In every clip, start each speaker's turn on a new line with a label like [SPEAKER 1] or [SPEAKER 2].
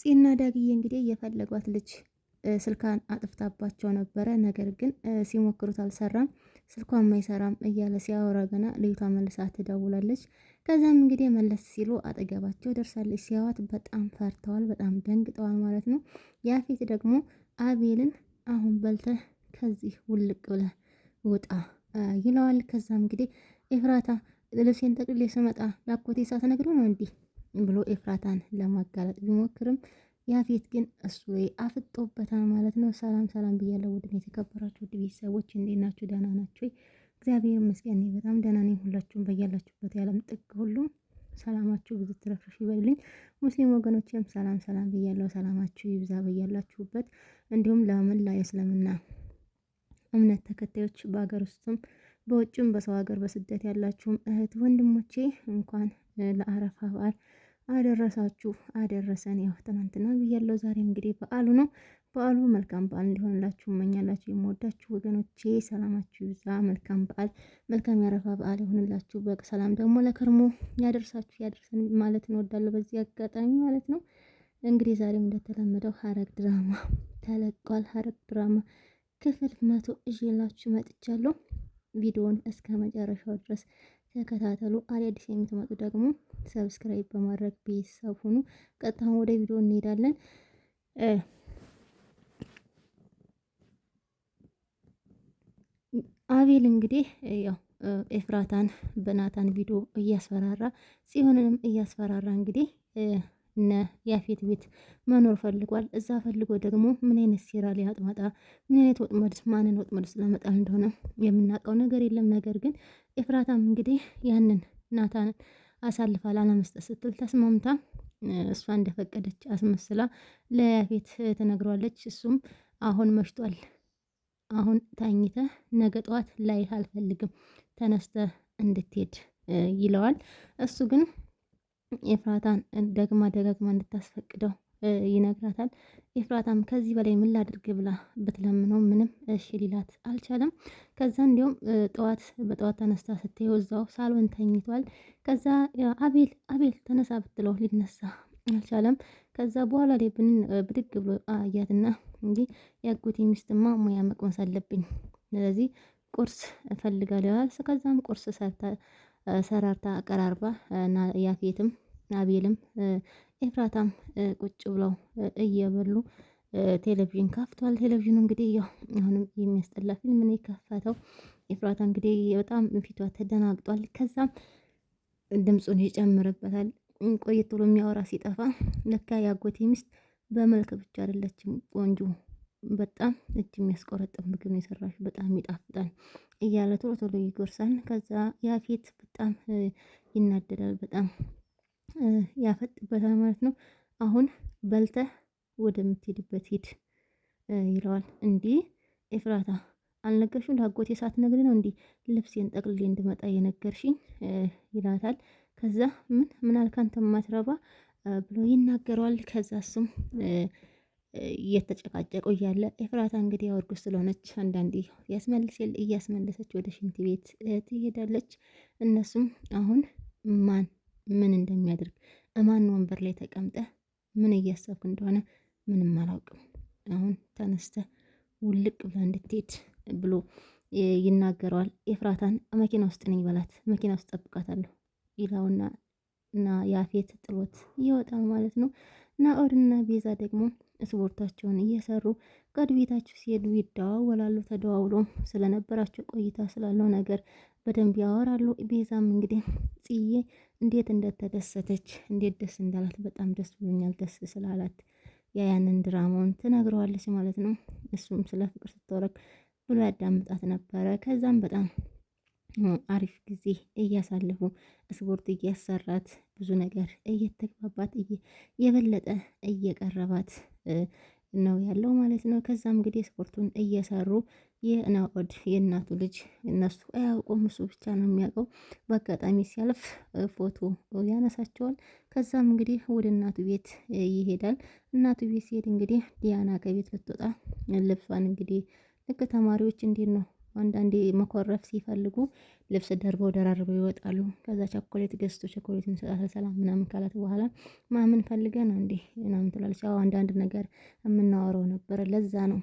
[SPEAKER 1] ጺና ዳግዬ እንግዲህ የፈለጓት ልጅ ስልካን አጥፍታባቸው ነበረ። ነገር ግን ሲሞክሩት አልሰራም፣ ስልኳም አይሰራም እያለ ሲያወራ ገና ልዩቷ መልሳ ትደውላለች። ከዚያም እንግዲህ መለስ ሲሉ አጠገባቸው ደርሳለች። ሲያዋት በጣም ፈርተዋል፣ በጣም ደንግጠዋል ማለት ነው። ያፌት ደግሞ አቤልን አሁን በልተ ከዚህ ውልቅ ብለ ውጣ ይለዋል። ከዛም እንግዲህ ኤፍራታ ልብሴን ጠቅልዬ ስመጣ ላኮቴ ሳትነግረው ነው እንዲህ ብሎ ኤፍራታን ለማጋለጥ ቢሞክርም ያፌት ግን እሱ ወይ አፍጦበታል ማለት ነው። ሰላም ሰላም ብያለሁ ውድን የተከበራችሁ ውድ ቤተሰቦች እንዴት ናችሁ? ደህና ናችሁ? እግዚአብሔር ይመስገን በጣም ደህና ነኝ። ሁላችሁም በያላችሁበት የዓለም ጥግ ሁሉ ሰላማችሁ ብዙ ትረፍሽ ይበልልኝ። ሙስሊም ወገኖችም ሰላም ሰላም ብያለሁ። ሰላማችሁ ይብዛ በያላችሁበት፣ እንዲሁም ለመላ የእስልምና እምነት ተከታዮች በሀገር ውስጥም በውጭም በሰው ሀገር በስደት ያላችሁም እህት ወንድሞቼ እንኳን ለአረፋ በዓል አደረሳችሁ አደረሰን። ያው ትናንትና ብያለሁ፣ ዛሬ እንግዲህ በዓሉ ነው። በዓሉ መልካም በዓል እንዲሆንላችሁ እመኛላችሁ። የምወዳችሁ ወገኖቼ ሰላማችሁ ይዛ መልካም በዓል መልካም ያረፋ በዓል ይሆንላችሁ። በሰላም ደግሞ ለከርሞ ያደርሳችሁ ያደርሰን ማለት እንወዳለሁ፣ በዚህ አጋጣሚ ማለት ነው። እንግዲህ ዛሬም እንደተለመደው ሐረግ ድራማ ተለቋል። ሐረግ ድራማ ክፍል መቶ እዤላችሁ መጥቻለሁ። ቪዲዮውን እስከ መጨረሻው ድረስ ተከታተሉ። አዳዲስ የምትመጡ ደግሞ ሰብስክራይብ በማድረግ ቤተሰብ ሁኑ። ቀጥታ ወደ ቪዲዮ እንሄዳለን። አቤል እንግዲህ ያው ኤፍራታን በናታን ቪዲዮ እያስፈራራ ጽዮንንም እያስፈራራ እንግዲህ እነ ያፌት ቤት መኖር ፈልጓል። እዛ ፈልጎ ደግሞ ምን አይነት ሴራ ሊያጥማጣ ምን አይነት ወጥመድ ማንን ወጥመድ ስለመጣል እንደሆነ የምናውቀው ነገር የለም። ነገር ግን ኤፍራታም እንግዲህ ያንን ናታን አሳልፋ ላለመስጠት ስትል ተስማምታ እሷ እንደፈቀደች አስመስላ ለያፌት ተነግሯለች። እሱም አሁን መሽቷል፣ አሁን ተኝተ ነገ ጠዋት ላይህ አልፈልግም፣ ተነስተ እንድትሄድ ይለዋል። እሱ ግን ኤፍራታን ደግማ ደጋግማ እንድታስፈቅደው ይነግራታል። ኤፍራታም ከዚህ በላይ ምን ላድርግ ብላ ብትለምነው ምንም እሺ ሊላት አልቻለም። ከዛ እንዲሁም ጠዋት በጠዋት ተነስታ ስትየው እዛው ሳሎን ተኝቷል። ከዛ አቤል አቤል ተነሳ ብትለው ሊነሳ አልቻለም። ከዛ በኋላ ላይ ብድግ ብሎ አያትና እንዲህ የአጎቴ ሚስትማ ሙያ መቅመስ አለብኝ፣ ስለዚህ ቁርስ እፈልጋለሁ። ከዛም ቁርስ ሰርታ ሰራርታ ቀራርባ እና ያፌትም አቤልም ኤፍራታም ቁጭ ብለው እየበሉ ቴሌቪዥን ካፍቷል። ቴሌቪዥኑ እንግዲህ ያው አሁንም የሚያስጠላ ፊልም ነው የከፈተው። ኤፍራታ እንግዲህ በጣም ፊቷ ተደናግጧል። ከዛም ድምፁን ይጨምርበታል። ቆየት ብሎ የሚያወራ ሲጠፋ ለካ ያጎቴ ሚስት በመልክ ብቻ አይደለችም ቆንጆ በጣም እጅ የሚያስቆረጥም ምግብ ነው የሰራሽ፣ በጣም ይጣፍጣል እያለ ቶሎ ቶሎ ይጎርሳል። ከዛ ያፌት በጣም ይናደዳል፣ በጣም ያፈጥበታል ማለት ነው። አሁን በልተህ ወደምትሄድበት ሂድ ይለዋል። እንዲህ ኤፍራታ አልነገርሽም? ለአጎቴ ሳትነግሪ ነው እንዲህ ልብሴን ጠቅልሌ እንድመጣ የነገርሽኝ ይላታል። ከዛ ምን ምን አልክ ማትረባ ብሎ ይናገረዋል። ከዛ እሱም እየተጨቃጨቁ እያለ ኤፍራታ እንግዲህ ያው ስለሆነች አንዳንዴ ያስመልሴል እያስመለሰች ወደ ሽንት ቤት ትሄዳለች። እነሱም አሁን ማን ምን እንደሚያደርግ እማን ወንበር ላይ ተቀምጠ ምን እያሰብክ እንደሆነ ምንም አላውቅም። አሁን ተነስተ ውልቅ ብላ እንድትሄድ ብሎ ይናገረዋል። ኤፍራታን መኪና ውስጥ ነኝ በላት፣ መኪና ውስጥ ጠብቃታለሁ ይለውና ና ያፌት ጥሎት ይወጣል ማለት ነው። ናኦድና ቤዛ ደግሞ ስፖርታቸውን እየሰሩ ቀድ ቤታቸው ሲሄዱ ይደዋወላሉ። ተደዋውሎ ስለነበራቸው ቆይታ ስላለው ነገር በደንብ ያወራሉ። ቤዛም እንግዲህ ጽዬ እንዴት እንደተደሰተች እንዴት ደስ እንዳላት በጣም ደስ ብሎኛል ደስ ስላላት ያያንን ድራማውን ትነግረዋለች ማለት ነው። እሱም ስለ ፍቅር ስትወረግ ብሎ ያዳምጣት ነበረ። ከዛም በጣም አሪፍ ጊዜ እያሳለፉ ስፖርት እያሰራት ብዙ ነገር እየተግባባት የበለጠ እየቀረባት ነው ያለው ማለት ነው። ከዛም እንግዲህ ስፖርቱን እየሰሩ የናኦድ የእናቱ ልጅ እነሱ አያውቁም፣ እሱ ብቻ ነው የሚያውቀው። በአጋጣሚ ሲያልፍ ፎቶ ያነሳቸዋል። ከዛም እንግዲህ ወደ እናቱ ቤት ይሄዳል። እናቱ ቤት ሲሄድ እንግዲህ ዲያና ከቤት ልትወጣ ልብሷን እንግዲህ ልክ ተማሪዎች እንዴት ነው አንዳንዴ መኮረፍ ሲፈልጉ ልብስ ደርበው ደራርበው ይወጣሉ። ከዛ ቸኮሌት ገዝቶ ቸኮሌት እንሰጣለን ሰላም ምናምን ካላት በኋላ ማምን ፈልገ ነው እንዴ ምናምን ትላለች። አዎ አንዳንድ ነገር የምናወረው ነበር ለዛ ነው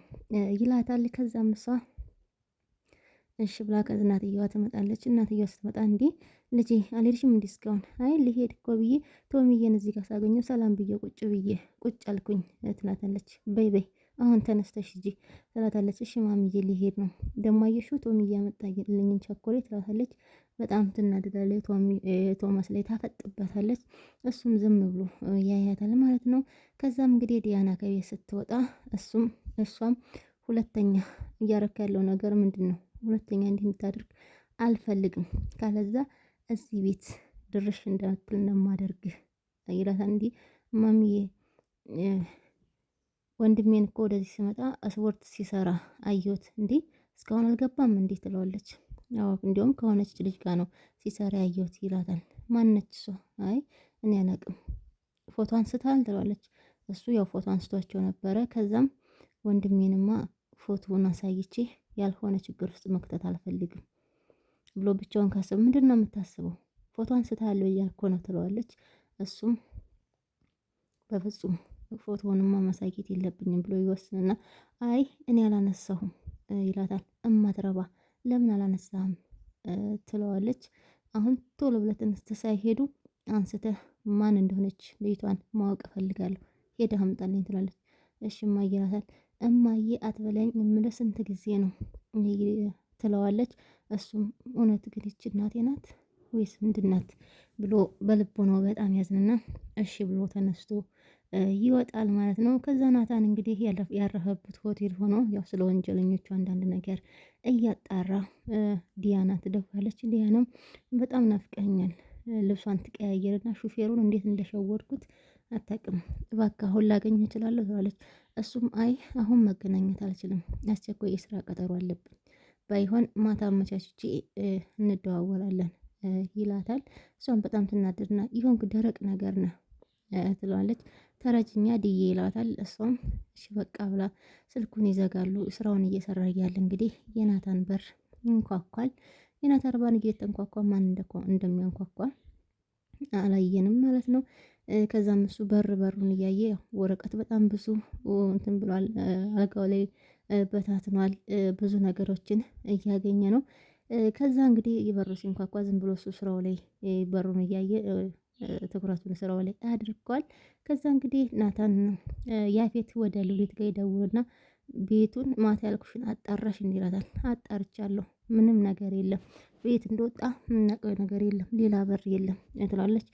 [SPEAKER 1] ይላታል። ከዛ ምሷ እሺ ብላ እናትየዋ ትመጣለች። እናትየዋ ስትመጣ እንዴ ልጄ አልሄድሽም እንዲ እስካሁን? አይ ልሄድ እኮ ብዬ ቶሚዬን እዚህ ጋር ሳገኘው ሰላም ብዬ ቁጭ ብዬ ቁጭ አልኩኝ ትላታለች። በይ በይ አሁን ተነስተሽ እጂ ትላታለች። እሺ ማምዬ ሊሄድ ነው ደግሞ አየሽው ቶም እያመጣልኝን ቸኮሌት ትላታለች። በጣም ትናደዳለች። ቶማስ ላይ ታፈጥበታለች። እሱም ዝም ብሎ ያያታል ማለት ነው። ከዛም እንግዲህ ዲያና ከቤት ስትወጣ እሱም እሷም ሁለተኛ እያረካ ያለው ነገር ምንድን ነው? ሁለተኛ እንዲህ እንድታደርግ አልፈልግም፣ ካለዛ እዚህ ቤት ድርሽ እንደምትል እንደማደርግ ይላታል። እንዲህ ማሚዬ ወንድሜን እኮ ወደዚህ ሲመጣ ስፖርት ሲሰራ አየሁት። እንዴ እስካሁን አልገባም እንዴ ትለዋለች። አዎ እንዲያውም ከሆነች ልጅ ጋር ነው ሲሰራ ያየሁት ይላታል። ማነች እሷ? አይ እኔ አላቅም። ፎቶ አንስታል ትለዋለች። እሱ ያው ፎቶ አንስቷቸው ነበረ። ከዛም ወንድሜንማ ፎቶውን አሳይቼ ያልሆነ ችግር ውስጥ መክተት አልፈልግም ብሎ ብቻውን ካስብ ምንድን ነው የምታስበው? ፎቶ አንስታለሁ እያልኮ ነው ትለዋለች። እሱም በፍጹም ፎቶውንማ ማሳየት የለብኝም ብሎ ይወስንና አይ እኔ አላነሳሁም ይላታል። እማትረባ ለምን አላነሳህም ትለዋለች። አሁን ቶሎ ብለህ ተነስተህ ሳይሄዱ አንስተህ ማን እንደሆነች ልጅቷን ማወቅ እፈልጋለሁ ሄደህ አምጣልኝ ትላለች። እሺ እማዬ ይላታል። እማዬ አትበለኝ የምልህ ስንት ጊዜ ነው ትለዋለች። እሱም እውነት ግን ይች እናቴ ናት ወይስ ምንድን ናት ብሎ ነው በጣም ያዝንና እሺ ብሎ ተነስቶ ይወጣል ማለት ነው። ከዛ ናታን እንግዲህ ያረፈበት ሆቴል ሆኖ ያው ስለ ወንጀለኞቹ አንዳንድ ነገር እያጣራ ዲያና ትደውላለች። ዲያናም በጣም ናፍቀኛል ልብሷን ትቀያየርና ሹፌሩን እንዴት እንደሸወድኩት አታውቅም እባክህ አሁን ላገኝ እችላለሁ ትላለች። እሱም አይ አሁን መገናኘት አልችልም አስቸኳይ የስራ ቀጠሮ አለብኝ ባይሆን ማታ አመቻችቼ እንደዋወላለን ይላታል። እሷም በጣም ትናደድና ይሆንክ ደረቅ ነገር ነው ትለዋለች። ተረጅኛ ድዬ ይላታል። እሷም እሺ በቃ ብላ ስልኩን ይዘጋሉ። ስራውን እየሰራ እያለ እንግዲህ የናታን በር ይንኳኳል። የናታን በር እየተንኳኳ ማን እንደሚያንኳኳ አላየንም ማለት ነው። ከዛም እሱ በር በሩን እያየ ወረቀት በጣም ብዙ እንትን ብሏል። አልጋው ላይ በታትኗል። ብዙ ነገሮችን እያገኘ ነው። ከዛ እንግዲህ የበሩ ሲንኳኳ ዝም ብሎ እሱ ስራው ላይ በሩን እያየ ትኩረቱን ስራው ላይ አድርጓል። ከዛ እንግዲህ ናታን ያፌት ወደ ሉሊት ጋር ይደውልና ቤቱን ማታ ያልኩሽን አጣራሽ እንዲላታል። አጣርቻለሁ፣ ምንም ነገር የለም፣ ቤት እንደወጣ የምናውቀው ነገር የለም፣ ሌላ በር የለም ትላለች።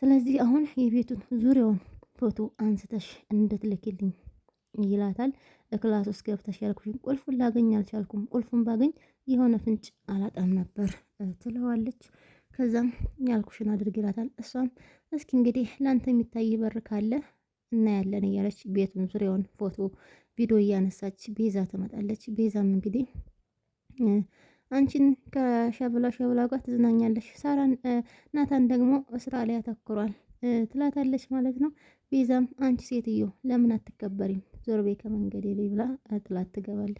[SPEAKER 1] ስለዚህ አሁን የቤቱን ዙሪያውን ፎቶ አንስተሽ እንድትልክልኝ ይላታል። ክላስ ውስጥ ገብተሽ ያልኩሽን ቁልፉን ላገኝ አልቻልኩም፣ ቁልፉን ባገኝ የሆነ ፍንጭ አላጣም ነበር ትለዋለች። ከዛም ያልኩሽን አድርግ ይላታል። እሷም እስኪ እንግዲህ ለአንተ የሚታይ በር ካለ እናያለን እያለች ቤቱን ዙሪያውን ፎቶ ቪዲዮ እያነሳች ቤዛ ትመጣለች። ቤዛም እንግዲህ አንቺን ከሸብላ ሸብላ ጋር ትዝናኛለሽ፣ ሳራን ናታን ደግሞ ስራ ላይ ያተኩሯል ትላታለች ማለት ነው። ቤዛም አንቺ ሴትዮ ለምን አትከበሪም? ዞርቤ ከመንገዴ ላይ ብላ ትላት ትገባለች።